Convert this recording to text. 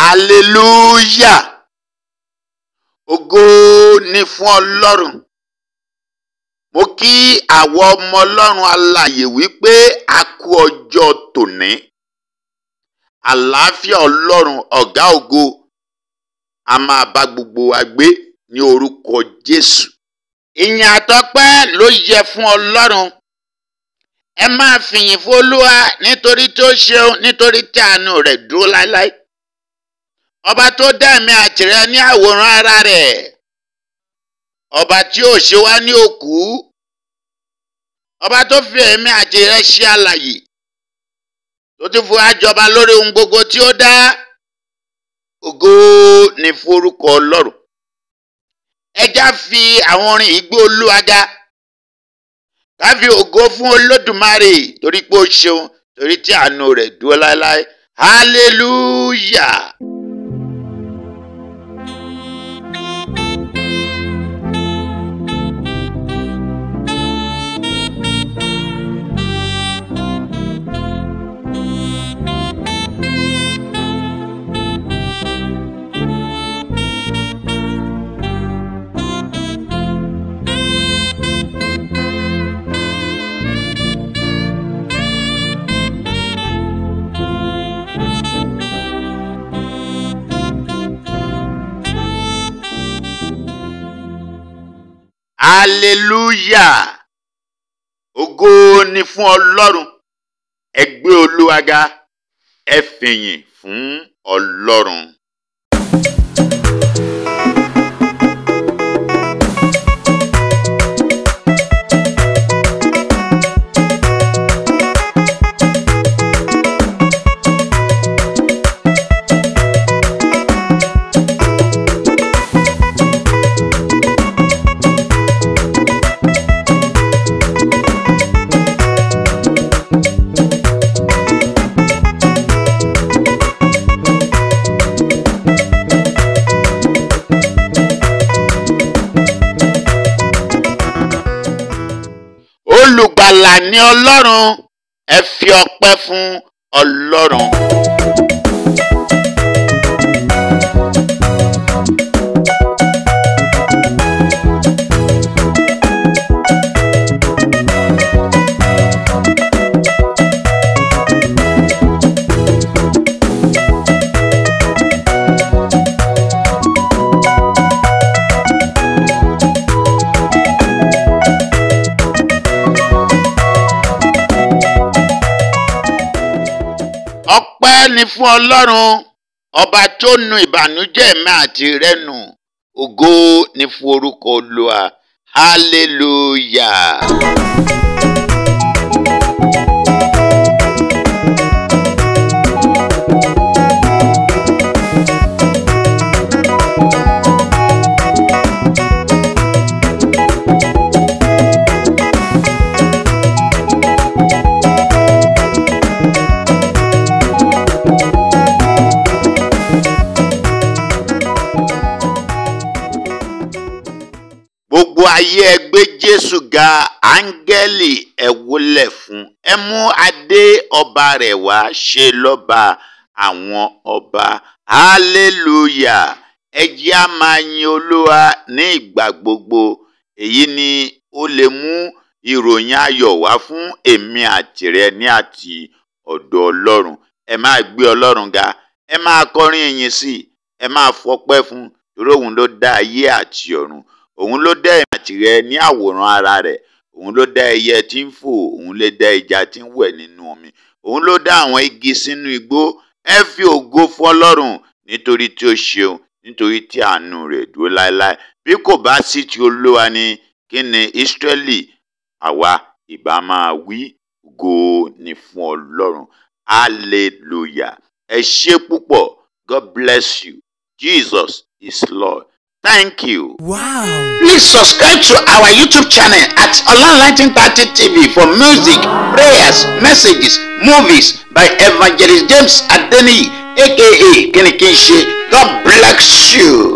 hallelujah ogo ni fún ọlọ́run mo kí àwọ ọmọ ọlọ́run alàyè wípé a kú ọjọ́ tòní àlàáfíà ọlọ́run ọ̀gá ògo a máa bá gbogbo agbé ní orúkọ jésù ìyìn àtọpẹ́ ló yẹ fún ọlọ́run ẹ máa fìyìn fún olúwa nítorí ṣeun nítorí tí àánú rẹ̀ dúró ọba tó dá ẹ̀mí àtìrẹ ní àwòrán ara rẹ̀ ọba tí ò ṣe wá ní òkú ọba tó fi ẹ̀mí àtìrẹ ṣe àlàyé tó ti fún àjọba lórí ohun gbogbo tí ó dá ògo ní forúkọ ọlọ́run ẹja fi àwọn orin ìgbé olúwaga ká fi ògo fún olódùmarè torí pé ó ṣeun torí tí àánú rẹ̀ dúró láéláé hallelujah. hallelujah ògo ni fún ọlọ́run ẹ gbé olúwa ga ẹ fìyìn fún ọlọ́run. Ìgbàlà ni Ọlọ́run ẹ fi ọpẹ́ fún Ọlọ́run. ọpẹ́ ni fún ọlọ́run ọba tó nu ìbànújẹ́ mi àti rẹ ògo ni fún orúkọ olúwa hallelujah. jésù ga áńgẹ́lì ẹ wólẹ̀ fún ẹ mú adé ọba rẹ̀ wá ṣe lọ́ba àwọn ọba hallelujah ẹ jẹ́ á máa yin olúwa ní ìgbà gbogbo èyí ni ó lè mú ìròyìn ayọ̀ wá fún èmi àtìrẹ ní àti ọ̀dọ̀ ọlọ́run ẹ máa gbé ọlọ́run ga ẹ máa kọrin ìyìn sí ẹ máa fọpẹ́ fún torí ló dá ayé àti ọ̀run òun ló dá èmi àtìrẹ ní àwòrán ara rẹ̀ òun ló dá ẹyẹ tí ń fò òun ló dá ẹja tí ń wẹ̀ nínú omi òun ló dá àwọn igi sínú igbó ẹ fi ògo fọ́lọ́run nítorí tí ó ṣeun nítorí tí àánú rẹ̀ dúró láéláé bí kò bá sí ti olúwa ni kí ni Ísírẹ́lì àwa ìbá máa wí ògo ni fún ọlọ́run hallelujah ẹ ṣé púpọ̀ god bless you jesus is lord. Thank you. Wow. Please subscribe to our YouTube channel at Olanilotan 30 TV for music, prayers, messages, movies by Evangelist James Adeniyi, aka Kinikinse. God bless you.